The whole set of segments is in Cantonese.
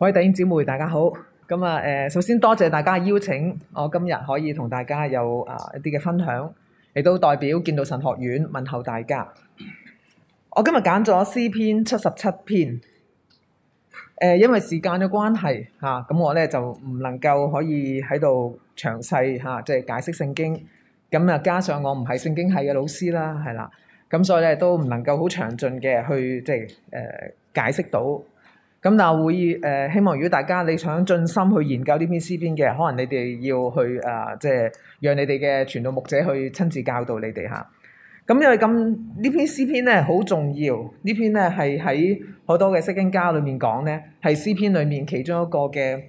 各位弟兄姊妹，大家好。咁啊，誒，首先多謝大家嘅邀請，我今日可以同大家有啊一啲嘅分享，亦都代表建道神學院問候大家。我今日揀咗詩篇七十七篇。誒，因為時間嘅關係，吓，咁我咧就唔能夠可以喺度詳細吓，即係解釋聖經。咁啊，加上我唔係聖經系嘅老師啦，係啦，咁所以咧都唔能夠好詳盡嘅去即係誒解釋到。咁嗱，係會希望如果大家你想盡心去研究呢篇詩篇嘅，可能你哋要去啊，即、呃、係、就是、讓你哋嘅傳道牧者去親自教導你哋嚇，咁、啊、因為咁呢篇詩篇咧好重要，篇呢篇咧係喺好多嘅釋經家裏面講咧，係詩篇裏面其中一個嘅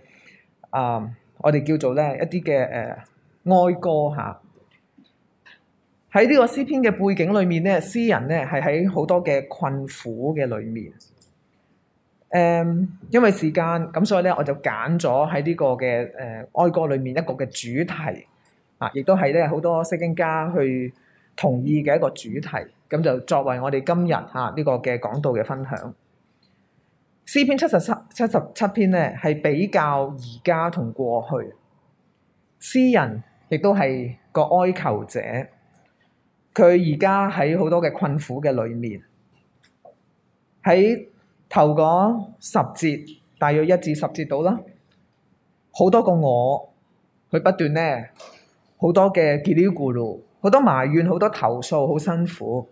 啊，我哋叫做咧一啲嘅誒哀歌嚇。喺、啊、呢個詩篇嘅背景裏面咧，詩人咧係喺好多嘅困苦嘅裏面。誒，um, 因為時間咁，所以咧我就揀咗喺呢個嘅誒哀歌裏面一個嘅主題啊，亦都係咧好多釋經家去同意嘅一個主題，咁、啊、就作為我哋今日吓呢個嘅講道嘅分享。詩篇七十七七十七篇呢，係比較而家同過去詩人，亦都係個哀求者，佢而家喺好多嘅困苦嘅裏面喺。頭嗰十節，大約一至十節到啦，好多個我，佢不斷呢，好多嘅嘰哩咕嚕，好多埋怨，好多投訴，好辛苦。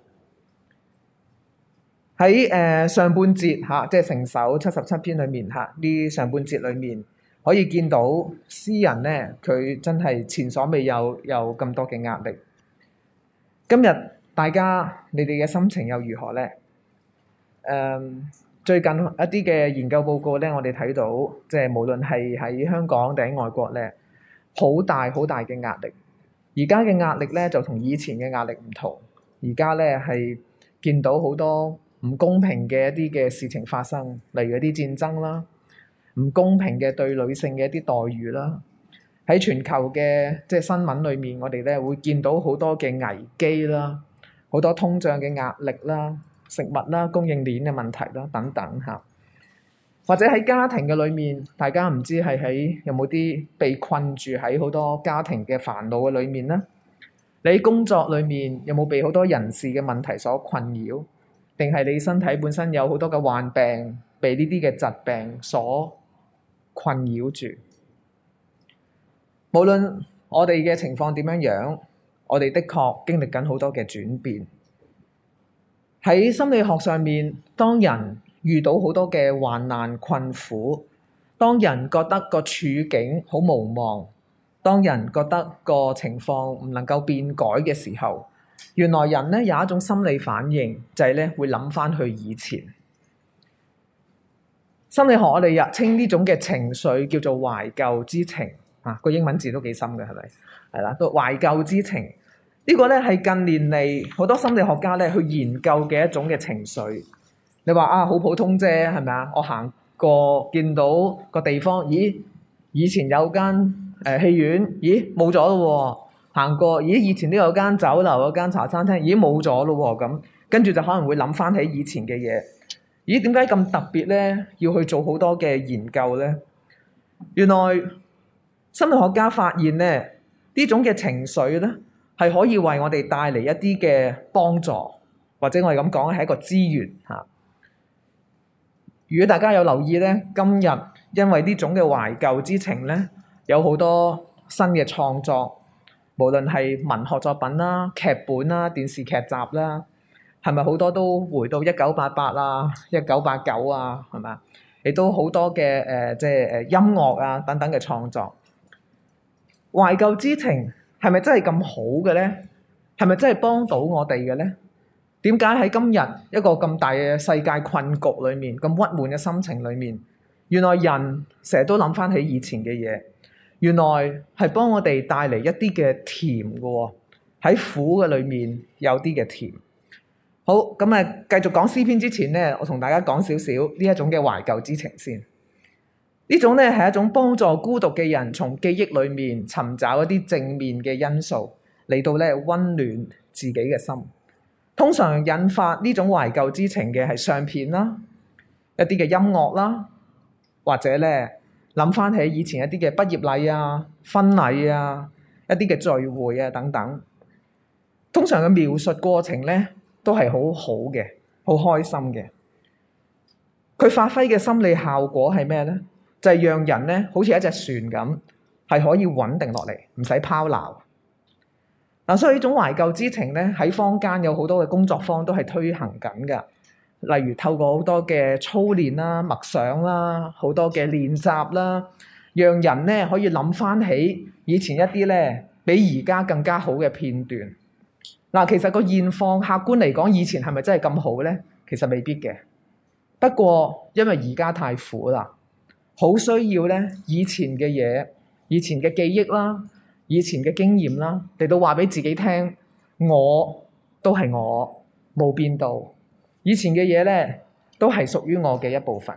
喺誒、呃、上半節吓、呃，即係成首七十七篇裏面吓、呢、呃、上半節裏面可以見到詩人呢，佢真係前所未有有咁多嘅壓力。今日大家你哋嘅心情又如何呢？誒、呃。最近一啲嘅研究報告咧，我哋睇到，即係無論係喺香港定喺外國咧，好大好大嘅壓力。而家嘅壓力咧就同以前嘅壓力唔同，而家咧係見到好多唔公平嘅一啲嘅事情發生，例如一啲戰爭啦，唔公平嘅對女性嘅一啲待遇啦，喺全球嘅即係新聞裏面，我哋咧會見到好多嘅危機啦，好多通脹嘅壓力啦。食物啦、供應鏈嘅問題啦，等等嚇。或者喺家庭嘅裏面，大家唔知係喺有冇啲被困住喺好多家庭嘅煩惱嘅裏面呢？你工作裏面有冇被好多人事嘅問題所困擾？定係你身體本身有好多嘅患病，被呢啲嘅疾病所困擾住？無論我哋嘅情況點樣樣，我哋的確經歷緊好多嘅轉變。喺心理學上面，當人遇到好多嘅患難困苦，當人覺得個處境好無望，當人覺得個情況唔能夠變改嘅時候，原來人咧有一種心理反應，就係咧會諗翻去以前。心理學我哋又稱呢種嘅情緒叫做懷舊之情，啊個英文字都幾深嘅係咪？係啦，都懷舊之情。呢個咧係近年嚟好多心理學家咧去研究嘅一種嘅情緒。你話啊，好普通啫，係咪啊？我行過見到個地方，咦？以前有間誒戲院，咦？冇咗咯喎。行過，咦？以前都有間酒樓，有間茶餐廳，咦？冇咗咯喎。咁跟住就可能會諗翻起以前嘅嘢。咦？點解咁特別咧？要去做好多嘅研究咧？原來心理學家發現咧，呢種嘅情緒咧，係可以為我哋帶嚟一啲嘅幫助，或者我哋咁講，係一個資源嚇。如果大家有留意咧，今日因為呢種嘅懷舊之情咧，有好多新嘅創作，無論係文學作品啦、劇本啦、電視劇集啦，係咪好多都回到一九八八啦、一九八九啊，係咪啊？亦都好多嘅誒、呃，即係誒音樂啊等等嘅創作，懷舊之情。係咪真係咁好嘅咧？係咪真係幫到我哋嘅咧？點解喺今日一個咁大嘅世界困局裏面、咁鬱悶嘅心情裏面，原來人成日都諗翻起以前嘅嘢，原來係幫我哋帶嚟一啲嘅甜嘅喎、哦，喺苦嘅裏面有啲嘅甜。好，咁、嗯、啊，繼續講詩篇之前咧，我同大家講少少呢一點點種嘅懷舊之情先。種呢種咧係一種幫助孤獨嘅人從記憶裏面尋找一啲正面嘅因素嚟到咧溫暖自己嘅心。通常引發呢種懷舊之情嘅係相片啦，一啲嘅音樂啦，或者咧諗翻起以前一啲嘅畢業禮啊、婚禮啊、一啲嘅聚會啊等等。通常嘅描述過程咧都係好好嘅，好開心嘅。佢發揮嘅心理效果係咩咧？就係讓人咧好似一隻船咁，係可以穩定落嚟，唔使拋錨。嗱、啊，所以呢種懷舊之情咧喺坊間有好多嘅工作坊都係推行緊㗎，例如透過好多嘅操練啦、啊、默想啦、啊、好多嘅練習啦，讓人咧可以諗返起以前一啲咧比而家更加好嘅片段。嗱、啊，其實個現況客觀嚟講，以前係咪真係咁好咧？其實未必嘅。不過因為而家太苦啦。好需要呢，以前嘅嘢、以前嘅記憶啦、以前嘅經驗啦，嚟到話俾自己聽，我都係我，冇變到。以前嘅嘢呢，都係屬於我嘅一部分。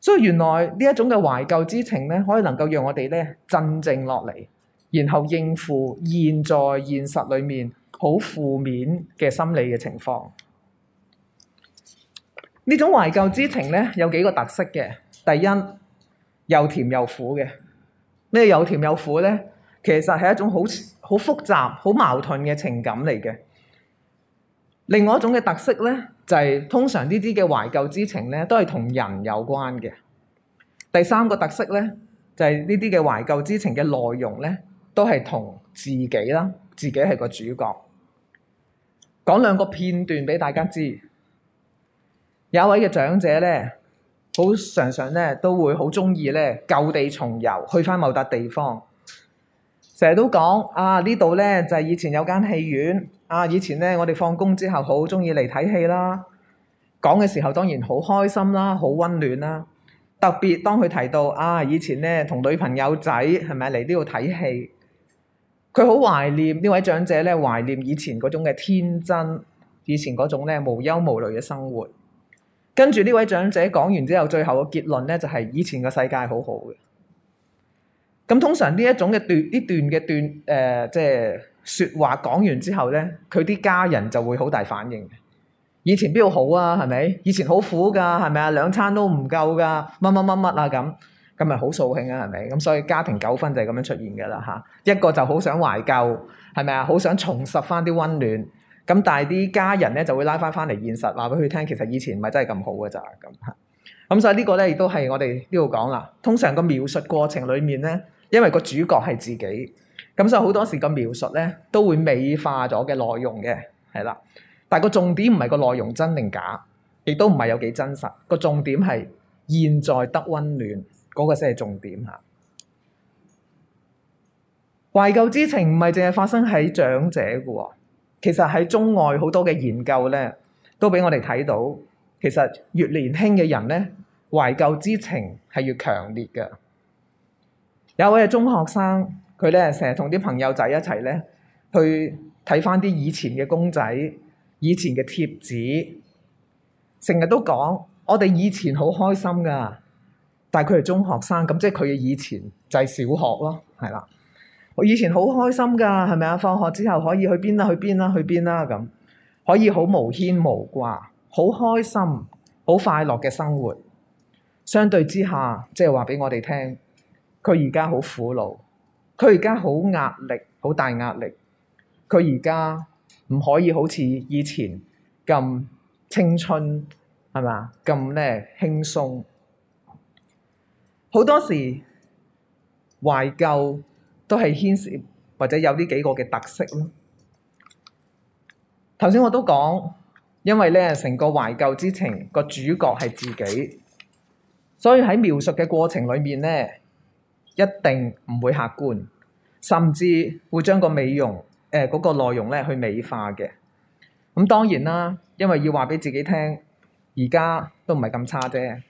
所以原來呢一種嘅懷舊之情呢，可以能夠讓我哋呢鎮靜落嚟，然後應付現在現實裡面好負面嘅心理嘅情況。呢種懷舊之情呢，有幾個特色嘅。第一，又甜又苦嘅咩？呢個、又甜又苦呢，其實係一種好好複雜、好矛盾嘅情感嚟嘅。另外一種嘅特色呢，就係、是、通常呢啲嘅懷舊之情呢，都係同人有關嘅。第三個特色呢，就係呢啲嘅懷舊之情嘅內容呢，都係同自己啦，自己係個主角。講兩個片段俾大家知，有一位嘅長者呢。好常常咧都會好鍾意咧舊地重遊，去翻某笪地方。成日都講啊呢度咧就係以前有間戲院啊，以前咧我哋放工之後好鍾意嚟睇戲啦。講嘅時候當然好開心啦，好温暖啦。特別當佢提到啊以前咧同女朋友仔係咪嚟呢度睇戲，佢好懷念，呢位長者咧懷念以前嗰種嘅天真，以前嗰種咧無憂無慮嘅生活。跟住呢位長者講完之後，最後個結論咧就係、是、以前嘅世界好好嘅。咁通常呢一種嘅段呢段嘅段誒，即係説話講完之後咧，佢啲家人就會好大反應。以前邊度好啊？係咪？以前好苦㗎？係咪啊？兩餐都唔夠㗎？乜乜乜乜啊？咁咁咪好掃興啊？係咪？咁所以家庭糾紛就係咁樣出現㗎啦嚇。一個就好想懷舊，係咪啊？好想重拾返啲温暖。咁但係啲家人咧就會拉返返嚟現實，話俾佢聽，其實以前唔係真係咁好嘅咋咁吓。咁、嗯、所以個呢個咧亦都係我哋呢度講啦。通常個描述過程裡面咧，因為個主角係自己，咁、嗯、所以好多時個描述咧都會美化咗嘅內容嘅，係啦。但係個重點唔係個內容真定假，亦都唔係有幾真實。個重點係現在得温暖嗰、那個先係重點吓、嗯。懷舊之情唔係淨係發生喺長者嘅喎。其實喺中外好多嘅研究咧，都俾我哋睇到，其實越年輕嘅人咧，懷舊之情係越強烈嘅。有位中學生，佢咧成日同啲朋友仔一齊咧，去睇返啲以前嘅公仔、以前嘅貼紙，成日都講我哋以前好開心㗎，但係佢係中學生，咁即係佢嘅以前就係小學咯，係啦。我以前好開心噶，係咪啊？放學之後可以去邊啦，去邊啦，去邊啦咁，可以好無牽無掛，好開心、好快樂嘅生活。相對之下，即係話畀我哋聽，佢而家好苦惱，佢而家好壓力，好大壓力。佢而家唔可以好似以前咁青春，係咪啊？咁咧輕鬆，好多時懷舊，都係牽涉或者有呢幾個嘅特色咯。頭先我都講，因為咧成個懷舊之情個主角係自己，所以喺描述嘅過程裏面咧，一定唔會客觀，甚至會將個美容誒嗰個內容咧去美化嘅。咁當然啦，因為要話俾自己聽，而家都唔係咁差啫。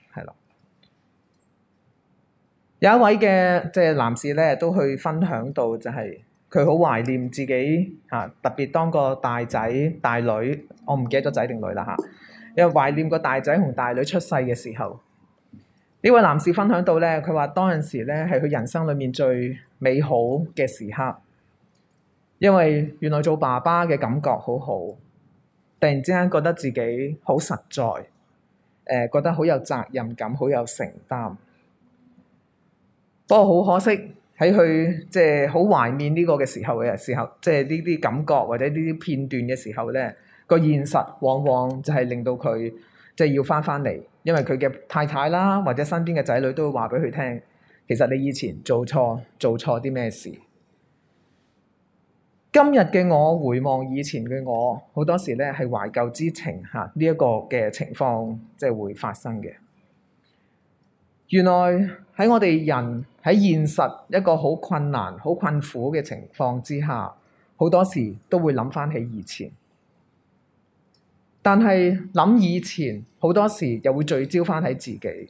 有一位嘅即係男士咧，都去分享到，就係佢好懷念自己吓、啊，特別當個大仔大女，我唔記得咗仔定女啦吓、啊。因為懷念個大仔同大女出世嘅時候，呢位男士分享到咧，佢話當陣時咧係佢人生裏面最美好嘅時刻，因為原來做爸爸嘅感覺好好，突然之間覺得自己好實在，誒、呃，覺得好有責任感，好有承擔。不過好可惜，喺佢即係好懷念呢個嘅時候嘅時候，即係呢啲感覺或者呢啲片段嘅時候咧，個現實往往就係令到佢即係要翻返嚟，因為佢嘅太太啦，或者身邊嘅仔女都會話俾佢聽，其實你以前做錯做錯啲咩事。今日嘅我回望以前嘅我，好多時咧係懷舊之情嚇，呢一個嘅情況即係會發生嘅。原來喺我哋人喺現實一個好困難、好困苦嘅情況之下，好多時都會諗翻起以前。但係諗以前，好多時又會聚焦翻起自己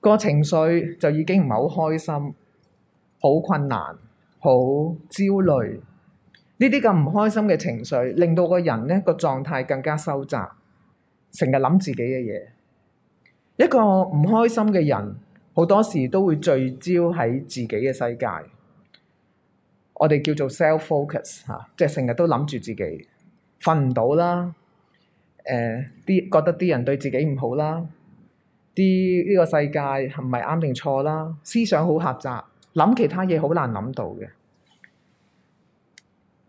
個情緒，就已經唔係好開心，好困難，好焦慮。呢啲咁唔開心嘅情緒，令到個人呢個狀態更加收窄，成日諗自己嘅嘢。一個唔開心嘅人，好多時都會聚焦喺自己嘅世界。我哋叫做 self focus 吓，即係成日都諗住自己，瞓唔到啦。誒、呃，啲覺得啲人對自己唔好啦，啲呢個世界係咪啱定錯啦？思想好狹窄，諗其他嘢好難諗到嘅。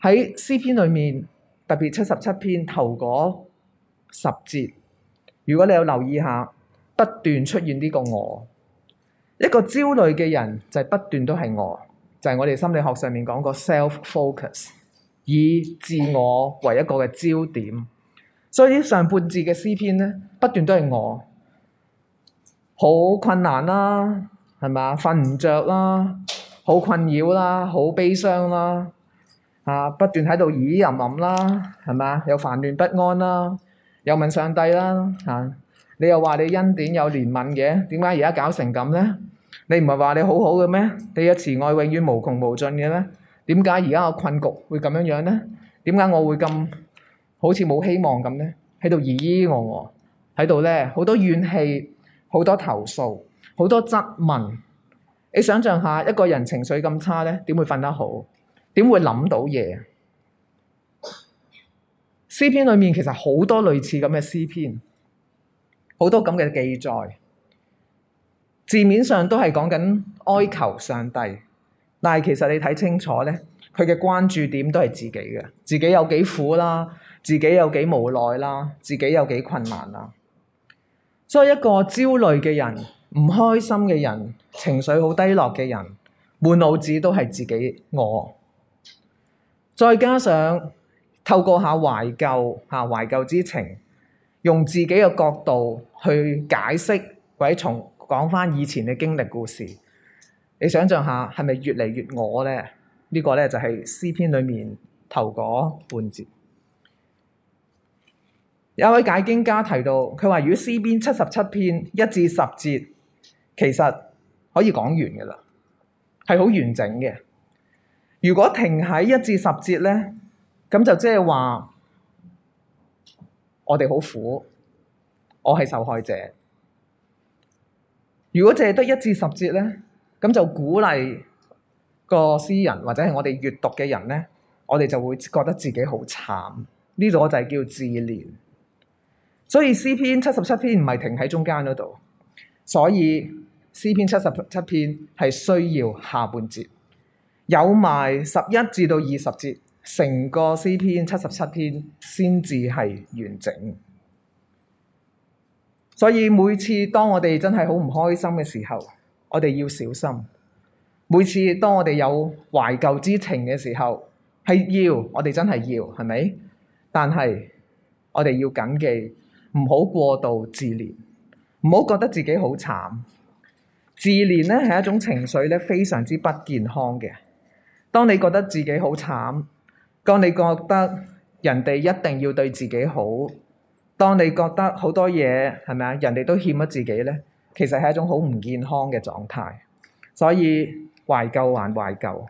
喺詩篇裏面，特別七十七篇頭嗰十節，如果你有留意下。不斷出現呢個我，一個焦慮嘅人就係不斷都係我，就係我哋心理學上面講個 self focus，以自我為一個嘅焦點。所以呢上半字嘅詩篇呢，不斷都係我，好困難啦，係嘛？瞓唔着啦，好困擾啦，好悲傷啦，啊，不斷喺度咦吟吟啦，係嘛？又煩亂不安啦，又問上帝啦，啊。你又話你恩典有憐憫嘅，點解而家搞成咁呢？你唔係話你好好嘅咩？你嘅慈愛永遠無窮無盡嘅咩？點解而家個困局會咁樣樣呢？點解我會咁好似冇希望咁呢？喺度咿咿我我，喺度咧好多怨氣，好多投訴，好多質問。你想象一下一個人情緒咁差咧，點會瞓得好？點會諗到嘢？詩篇裏面其實好多類似咁嘅詩篇。好多咁嘅記載，字面上都係講緊哀求上帝，但係其實你睇清楚咧，佢嘅關注點都係自己嘅，自己有幾苦啦，自己有幾無奈啦，自己有幾困難啦。所以一個焦慮嘅人、唔開心嘅人、情緒好低落嘅人、滿腦子都係自己我，再加上透過下懷舊吓懷舊之情。用自己嘅角度去解釋或者重講返以前嘅經歷故事。你想象下，係咪越嚟越我呢？呢、呢個呢，就係詩篇裏面頭嗰半節。有一位解經家提到，佢話如果詩篇七十七篇一至十節，其實可以講完嘅啦，係好完整嘅。如果停喺一至十節呢，咁就即係話。我哋好苦，我係受害者。如果淨得一至十節呢，咁就鼓勵個詩人或者係我哋閱讀嘅人呢，我哋就會覺得自己好慘。呢度我就係叫自憐。所以詩篇七十七篇唔係停喺中間嗰度，所以詩篇七十七篇係需要下半節，有埋十一至到二十節。成個詩篇七十七篇先至係完整，所以每次當我哋真係好唔開心嘅時候，我哋要小心。每次當我哋有懷舊之情嘅時候，係要我哋真係要，係咪？但係我哋要緊記，唔好過度自憐，唔好覺得自己好慘。自憐呢係一種情緒咧，非常之不健康嘅。當你覺得自己好慘。當你覺得人哋一定要對自己好，當你覺得好多嘢係咪啊？人哋都欠咗自己咧，其實係一種好唔健康嘅狀態。所以懷舊還懷舊，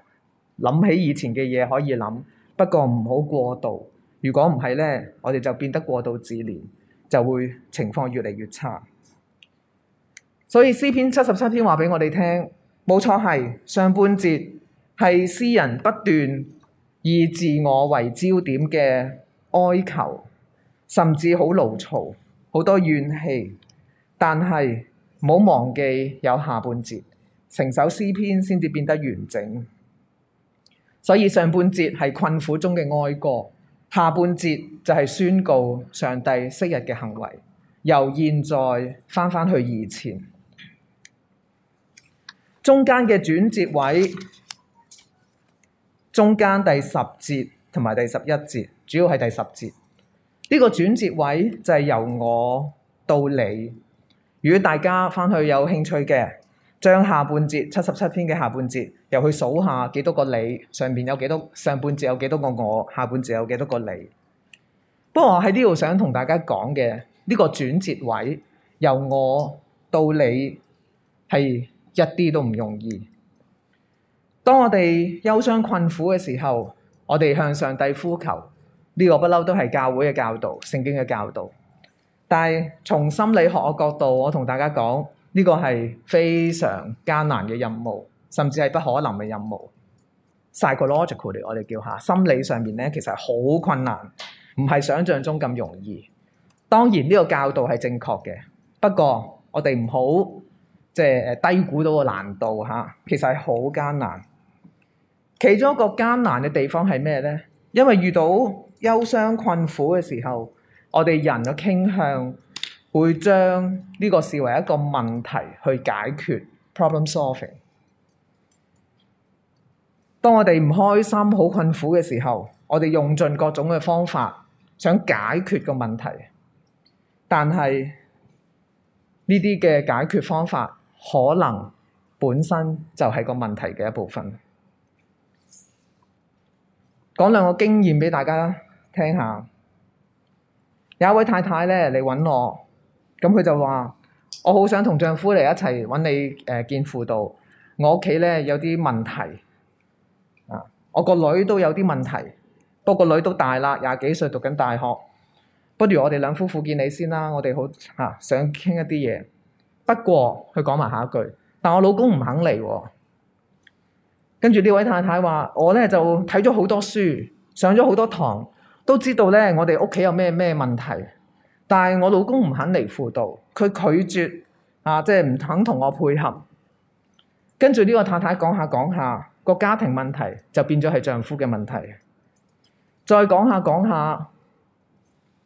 諗起以前嘅嘢可以諗，不過唔好過度。如果唔係咧，我哋就變得過度自憐，就會情況越嚟越差。所以詩篇七十七篇話俾我哋聽，冇錯，係上半節，係詩人不斷。以自我為焦點嘅哀求，甚至好牢嘈，好多怨氣。但係唔好忘記有下半節，成首詩篇先至變得完整。所以上半節係困苦中嘅哀歌，下半節就係宣告上帝昔日嘅行為。由現在翻返去以前，中間嘅轉折位。中間第十節同埋第十一節，主要係第十節。呢個轉折位就係由我到你。如果大家返去有興趣嘅，將下半節七十七篇嘅下半節，又去數下幾多個你，上邊有幾多，上半節有幾多個我，下半節有幾多個你。不過我喺呢度想同大家講嘅，呢個轉折位由我到你係一啲都唔容易。當我哋憂傷困苦嘅時候，我哋向上帝呼求，呢個不嬲都係教會嘅教導、聖經嘅教導。但係從心理學嘅角度，我同大家講，呢個係非常艱難嘅任務，甚至係不可能嘅任務。Psychologically，我哋叫下，心理上面咧，其實係好困難，唔係想像中咁容易。當然呢個教導係正確嘅，不過我哋唔好即係低估到個難度嚇，其實係好艱難。其中一個艱難嘅地方係咩呢？因為遇到憂傷困苦嘅時候，我哋人嘅傾向會將呢個視為一個問題去解決 （problem solving）。當我哋唔開心、好困苦嘅時候，我哋用盡各種嘅方法想解決個問題，但係呢啲嘅解決方法可能本身就係個問題嘅一部分。講兩個經驗畀大家聽下。有一位太太咧嚟揾我，咁佢就話：我好想同丈夫嚟一齊揾你誒、呃、見輔導，我屋企咧有啲問題，啊，我個女都有啲問題，不、啊、過個女都大啦，廿幾歲讀緊大學，不如我哋兩夫婦見你先啦，我哋好吓、啊、想傾一啲嘢。不過佢講埋下一句，但我老公唔肯嚟喎、啊。跟住呢位太太話：我呢就睇咗好多書，上咗好多堂，都知道呢我哋屋企有咩咩問題。但係我老公唔肯嚟輔導，佢拒絕啊，即係唔肯同我配合。跟住呢個太太講下講下個家庭問題就變咗係丈夫嘅問題。再講下講下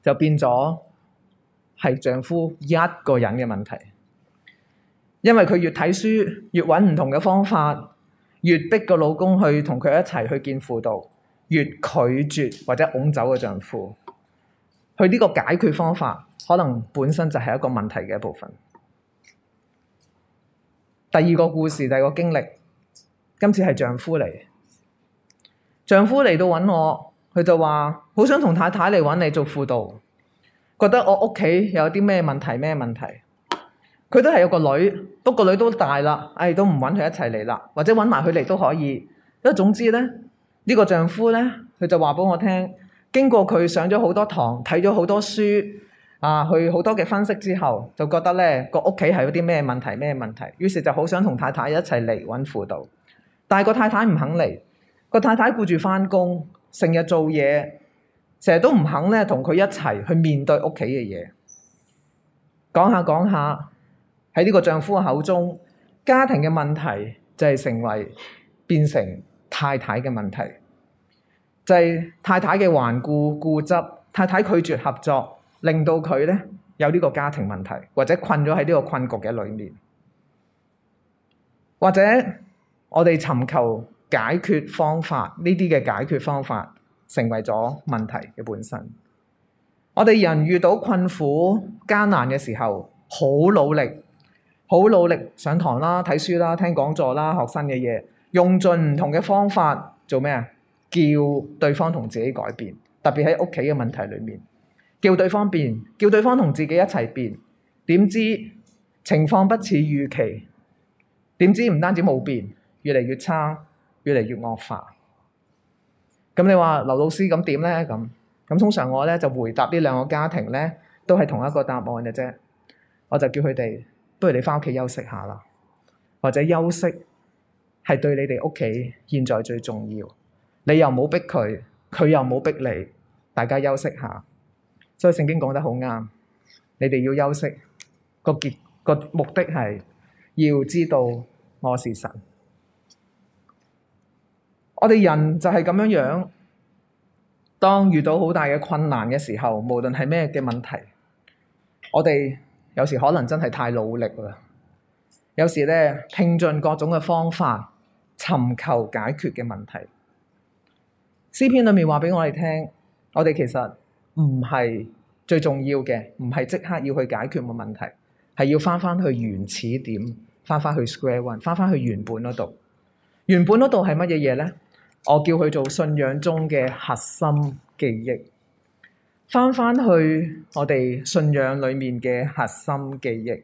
就變咗係丈夫一個人嘅問題。因為佢越睇書越揾唔同嘅方法。越逼個老公去同佢一齊去見輔導，越拒絕或者拱走嘅丈夫，佢呢個解決方法可能本身就係一個問題嘅一部分。第二個故事，第二個經歷，今次係丈夫嚟，丈夫嚟到搵我，佢就話好想同太太嚟搵你做輔導，覺得我屋企有啲咩問題咩問題。佢都係有個女，不過女都大啦，唉，都唔揾佢一齊嚟啦，或者揾埋佢嚟都可以。因為總之呢，呢個丈夫呢，佢就話畀我聽，經過佢上咗好多堂，睇咗好多書，啊，去好多嘅分析之後，就覺得呢個屋企係有啲咩問題咩問題，於是就好想同太太一齊嚟揾輔導，但係個太太唔肯嚟，個太太顧住返工，成日做嘢，成日都唔肯呢同佢一齊去面對屋企嘅嘢，講下講下。喺呢個丈夫口中，家庭嘅問題就係成為變成太太嘅問題，就係太太嘅頑固固執，太太拒絕合作，令到佢咧有呢個家庭問題，或者困咗喺呢個困局嘅裏面，或者我哋尋求解決方法呢啲嘅解決方法，成為咗問題嘅本身。我哋人遇到困苦艱難嘅時候，好努力。好努力上堂啦、睇書啦、聽講座啦、學新嘅嘢，用盡唔同嘅方法做咩啊？叫對方同自己改變，特別喺屋企嘅問題裏面，叫對方變，叫對方同自己一齊變。點知情況不似預期？點知唔單止冇變，越嚟越差，越嚟越惡化。咁你話劉老師咁點呢？咁咁通常我咧就回答呢兩個家庭咧，都係同一個答案嘅啫。我就叫佢哋。不如你返屋企休息下啦，或者休息係對你哋屋企現在最重要。你又冇逼佢，佢又冇逼你，大家休息下。所以聖經講得好啱，你哋要休息。個結、個目的係要知道我是神。我哋人就係咁樣樣。當遇到好大嘅困難嘅時候，無論係咩嘅問題，我哋。有時可能真係太努力啦，有時咧，拼盡各種嘅方法尋求解決嘅問題。詩篇裏面話俾我哋聽，我哋其實唔係最重要嘅，唔係即刻要去解決嘅問題，係要翻返去原始點，翻返去 Square One，翻返去原本嗰度。原本嗰度係乜嘢嘢咧？我叫佢做信仰中嘅核心記憶。翻返去我哋信仰裏面嘅核心記憶，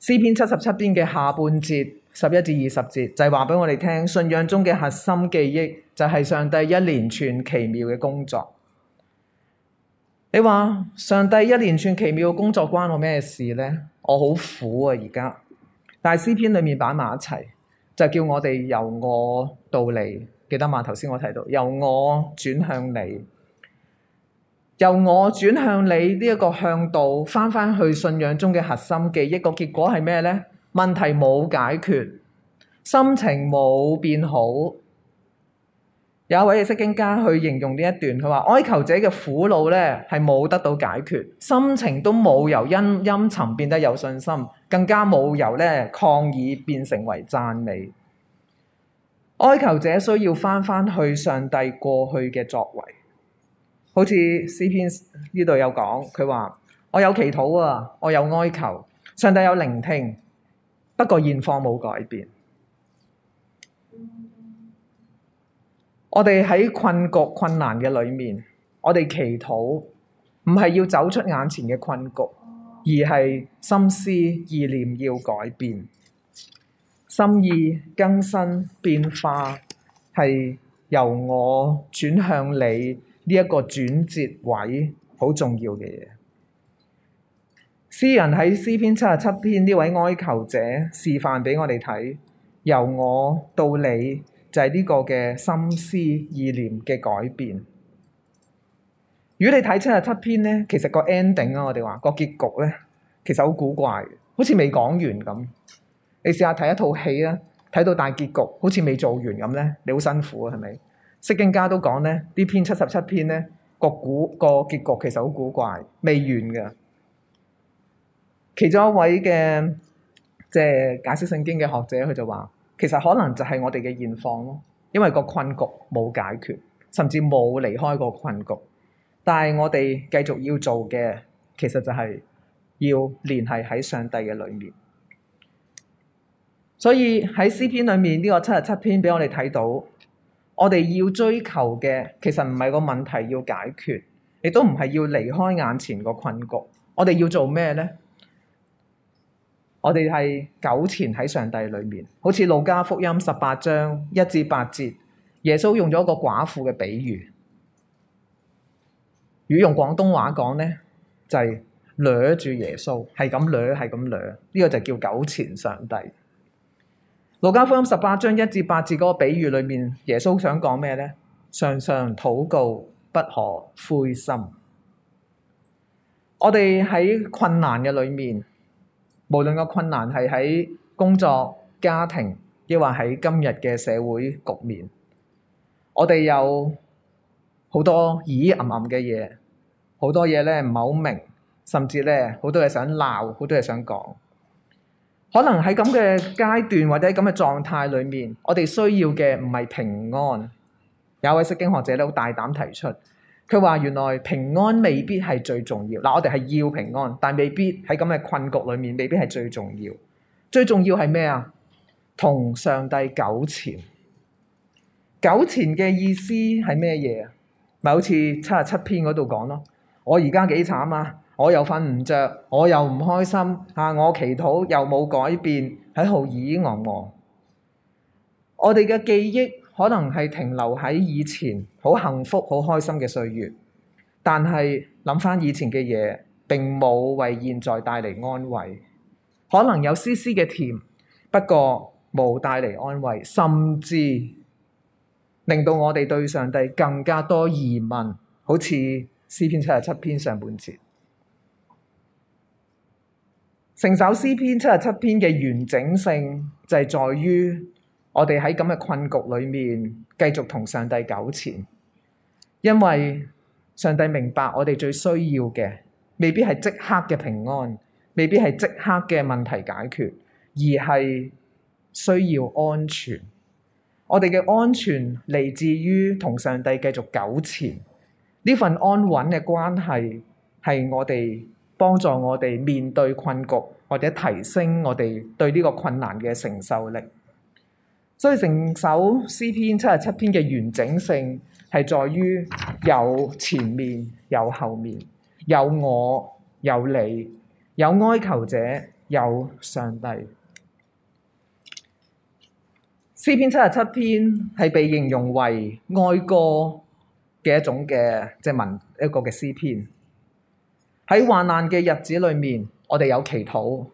詩篇七十七篇嘅下半節十一至二十節，就係話畀我哋聽，信仰中嘅核心記憶就係上帝一連串奇妙嘅工作。你話上帝一連串奇妙嘅工作關我咩事咧？我好苦啊！而家，但係詩篇裏面擺埋一齊，就叫我哋由我到你，記得嘛？頭先我提到由我轉向你。由我轉向你呢一個向度，翻返去信仰中嘅核心記憶，個結果係咩呢？問題冇解決，心情冇變好。有一位嘅釋經家去形容呢一段，佢話：哀求者嘅苦惱呢係冇得到解決，心情都冇由陰沉變得有信心，更加冇由呢抗議變成為讚美。哀求者需要翻返去上帝過去嘅作為。好似詩篇呢度有講，佢話我有祈禱啊，我有哀求，上帝有聆聽，不過現況冇改變。我哋喺困局困難嘅裏面，我哋祈禱唔係要走出眼前嘅困局，而係心思意念要改變，心意更新變化，係由我轉向你。呢一個轉折位好重要嘅嘢。詩人喺詩篇七十七篇呢位哀求者示範俾我哋睇，由我到你就係呢個嘅心思意念嘅改變。如果你睇七十七篇呢，其實個 ending 啊，我哋話個結局呢，其實好古怪，好似未講完咁。你試下睇一套戲啊，睇到大結局，好似未做完咁呢。你好辛苦啊，係咪？釋經家都講咧，呢篇七十七篇咧，個古個結局其實好古怪，未完噶。其中一位嘅即係解釋聖經嘅學者，佢就話，其實可能就係我哋嘅現況咯，因為個困局冇解決，甚至冇離開個困局。但係我哋繼續要做嘅，其實就係要聯繫喺上帝嘅裏面。所以喺詩篇裏面呢個七十七篇，俾我哋睇到。我哋要追求嘅，其實唔係個問題要解決，亦都唔係要離開眼前個困局。我哋要做咩咧？我哋係糾纏喺上帝裏面，好似《路加福音》十八章一至八節，耶穌用咗一個寡婦嘅比喻。如果用廣東話講咧，就係掠住耶穌，係咁掠，係咁掠，呢、這個就叫糾纏上帝。路加福音十八章一至八節嗰個比喻裏面，耶穌想講咩呢？常常禱告，不可灰心。我哋喺困難嘅裏面，無論個困難係喺工作、家庭，亦或喺今日嘅社會局面，我哋有好多疑疑暗暗嘅嘢，好多嘢咧唔係好明，甚至咧好多嘢想鬧，好多嘢想講。可能喺咁嘅階段或者咁嘅狀態裏面，我哋需要嘅唔係平安。有位釋經學者都好大膽提出，佢話原來平安未必係最重要。嗱，我哋係要平安，但未必喺咁嘅困局裏面，未必係最重要。最重要係咩啊？同上帝糾纏。糾纏嘅意思係咩嘢啊？咪好似七十七篇嗰度講咯。我而家幾慘啊！我又瞓唔着，我又唔開心嚇。我祈禱又冇改變，喺度咦咦朶朶。我哋嘅記憶可能係停留喺以前好幸福、好開心嘅歲月，但係諗翻以前嘅嘢並冇為現在帶嚟安慰，可能有絲絲嘅甜，不過冇帶嚟安慰，甚至令到我哋對上帝更加多疑問，好似詩篇七十七篇上半節。成首詩篇七十七篇嘅完整性就係在於我哋喺咁嘅困局裏面繼續同上帝糾纏，因為上帝明白我哋最需要嘅未必係即刻嘅平安，未必係即刻嘅問題解決，而係需要安全。我哋嘅安全嚟自於同上帝繼續糾纏。呢份安穩嘅關係，係我哋，幫助我哋面對困局，或者提升我哋對呢個困難嘅承受力。所以，成首詩篇七十七篇嘅完整性係在於有前面，有後面，有我，有你，有哀求者，有上帝。詩篇七十七篇係被形容為哀歌嘅一種嘅，即係文一個嘅詩篇。喺患難嘅日子裏面，我哋有祈禱，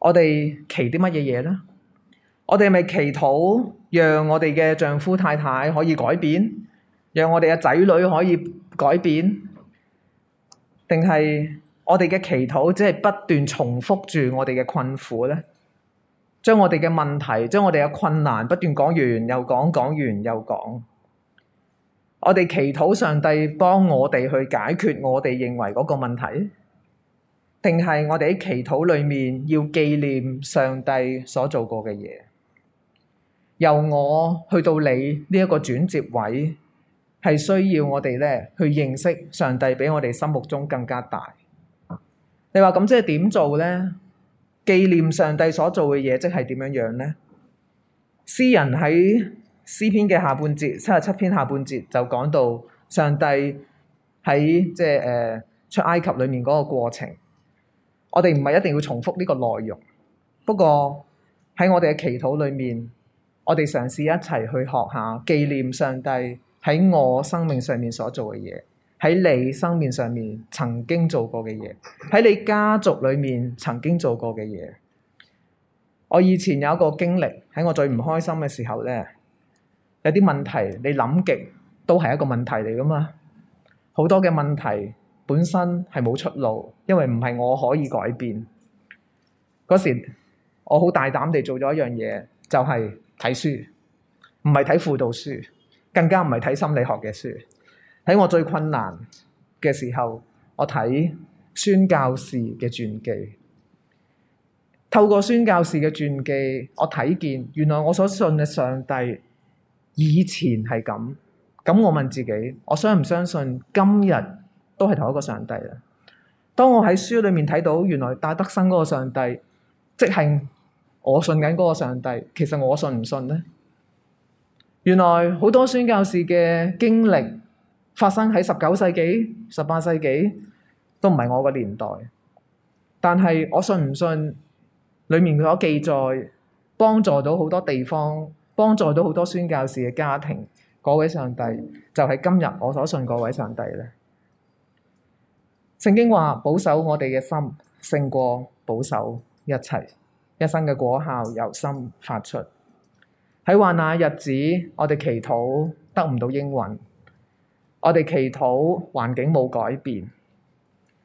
我哋祈啲乜嘢嘢呢？我哋咪祈禱，讓我哋嘅丈夫太太可以改變，讓我哋嘅仔女可以改變，定係我哋嘅祈禱只係不斷重複住我哋嘅困苦呢？將我哋嘅問題，將我哋嘅困難不斷講完又講，講完又講。我哋祈禱上帝幫我哋去解決我哋認為嗰個問題，定係我哋喺祈禱裏面要紀念上帝所做過嘅嘢。由我去到你呢一個轉折位，係需要我哋咧去認識上帝比我哋心目中更加大。你話咁即係點做咧？紀念上帝所做嘅嘢即係點樣樣咧？私人喺。詩篇嘅下半節，七十七篇下半節就講到上帝喺即係誒出埃及裏面嗰個過程。我哋唔係一定要重複呢個內容，不過喺我哋嘅祈禱裏面，我哋嘗試一齊去學下紀念上帝喺我生命上面所做嘅嘢，喺你生命上面曾經做過嘅嘢，喺你家族裏面曾經做過嘅嘢。我以前有一個經歷喺我最唔開心嘅時候咧。有啲問題，你諗極都係一個問題嚟噶嘛？好多嘅問題本身係冇出路，因為唔係我可以改變。嗰時我好大膽地做咗一樣嘢，就係、是、睇書，唔係睇輔導書，更加唔係睇心理學嘅書。喺我最困難嘅時候，我睇宣教士嘅傳記。透過宣教士嘅傳記，我睇見原來我所信嘅上帝。以前係咁，咁我問自己，我相唔相信今日都係同一個上帝呀？當我喺書裏面睇到，原來戴德生嗰個上帝，即係我信緊嗰個上帝。其實我信唔信呢？原來好多宣教士嘅經歷發生喺十九世紀、十八世紀，都唔係我嘅年代。但係我信唔信裏面佢所記載，幫助到好多地方？幫助到好多宣教士嘅家庭，嗰位上帝就係、是、今日我所信嗰位上帝咧。聖經話保守我哋嘅心聖光，勝過保守一切一生嘅果效由心發出。喺話那日子，我哋祈禱得唔到應允，我哋祈禱環境冇改變，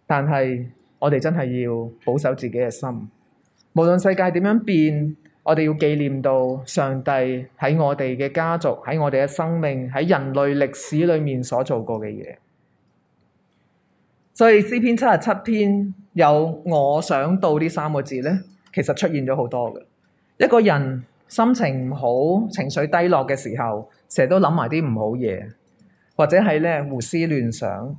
但係我哋真係要保守自己嘅心，無論世界點樣變。我哋要紀念到上帝喺我哋嘅家族，喺我哋嘅生命，喺人類歷史裏面所做過嘅嘢。所以詩篇七十七篇有我想到呢三個字呢，其實出現咗好多嘅。一個人心情唔好、情緒低落嘅時候，成日都諗埋啲唔好嘢，或者係呢胡思亂想。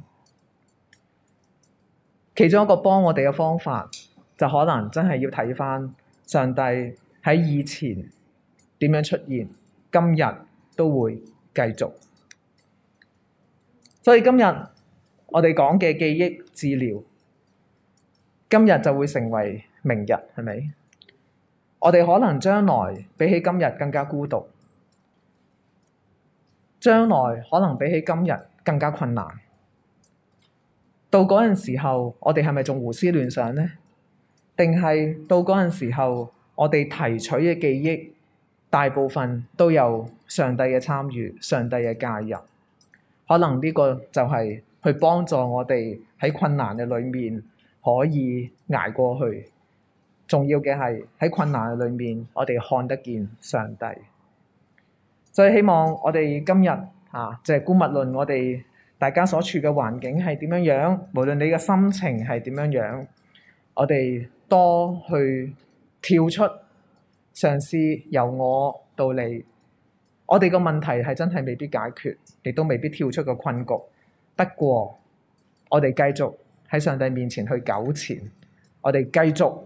其中一個幫我哋嘅方法，就可能真係要睇返上帝，喺以前點樣出現，今日都會繼續。所以今日我哋講嘅記憶治療，今日就會成為明日，係咪？我哋可能將來比起今日更加孤獨，將來可能比起今日更加困難。到嗰陣時候，我哋係咪仲胡思亂想呢？定係到嗰陣時候？我哋提取嘅記憶，大部分都有上帝嘅參與，上帝嘅介入。可能呢個就係去幫助我哋喺困難嘅裏面可以捱過去。重要嘅係喺困難嘅裏面，我哋看得見上帝。所以希望我哋今日啊，即係《觀物論》，我哋大家所處嘅環境係點樣樣，無論你嘅心情係點樣樣，我哋多去，跳出，嘗試由我到你，我哋個問題係真係未必解決，亦都未必跳出個困局。不過我哋繼續喺上帝面前去糾纏，我哋繼續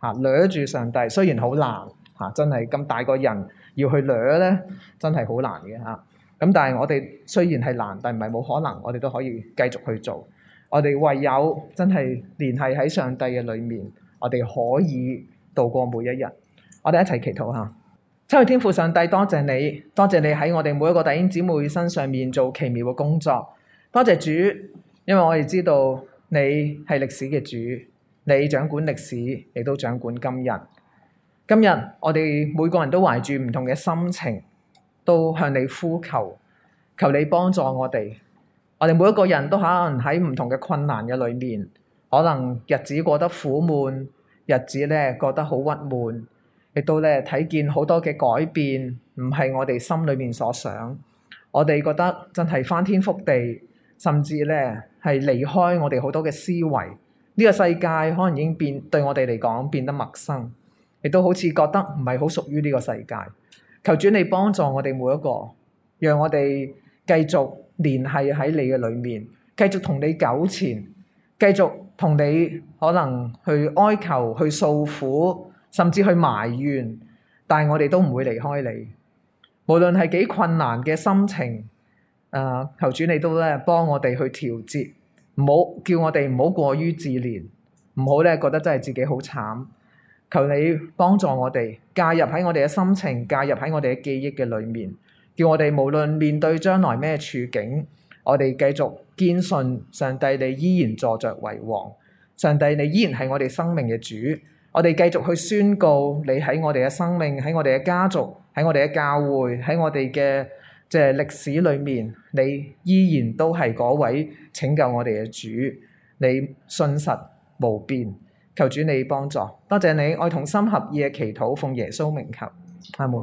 吓掠住上帝。雖然好難吓，真係咁大個人要去掠咧，真係好難嘅吓。咁但係我哋雖然係難，但唔係冇可能，我哋都可以繼續去做。我哋唯有真係聯繫喺上帝嘅裏面，我哋可以度過每一日，我哋一齊祈禱吓。出去天父上帝，多謝你，多謝你喺我哋每一個弟兄姊妹身上面做奇妙嘅工作。多謝主，因為我哋知道你係歷史嘅主，你掌管歷史，亦都掌管今日。今日我哋每個人都懷住唔同嘅心情，都向你呼求，求你幫助我哋。我哋每一個人都可能喺唔同嘅困難嘅裏面，可能日子過得苦悶。日子咧覺得好鬱悶，亦都咧睇見好多嘅改變，唔係我哋心裏面所想。我哋覺得真係翻天覆地，甚至咧係離開我哋好多嘅思維。呢個世界可能已經變，對我哋嚟講變得陌生，亦都好似覺得唔係好屬於呢個世界。求主你幫助我哋每一個，讓我哋繼續聯繫喺你嘅裏面，繼續同你糾纏。繼續同你可能去哀求、去訴苦，甚至去埋怨，但係我哋都唔會離開你。無論係幾困難嘅心情，呃，求主你都咧幫我哋去調節，唔好叫我哋唔好過於自憐，唔好咧覺得真係自己好慘。求你幫助我哋，介入喺我哋嘅心情，介入喺我哋嘅記憶嘅裏面，叫我哋無論面對將來咩處境。我哋繼續堅信上帝你依然坐着為王，上帝你依然係我哋生命嘅主。我哋繼續去宣告你喺我哋嘅生命，喺我哋嘅家族，喺我哋嘅教會，喺我哋嘅即係歷史裏面，你依然都係嗰位拯救我哋嘅主。你信實無變，求主你幫助，多謝你，愛同心合意嘅祈禱奉耶穌名求，阿門。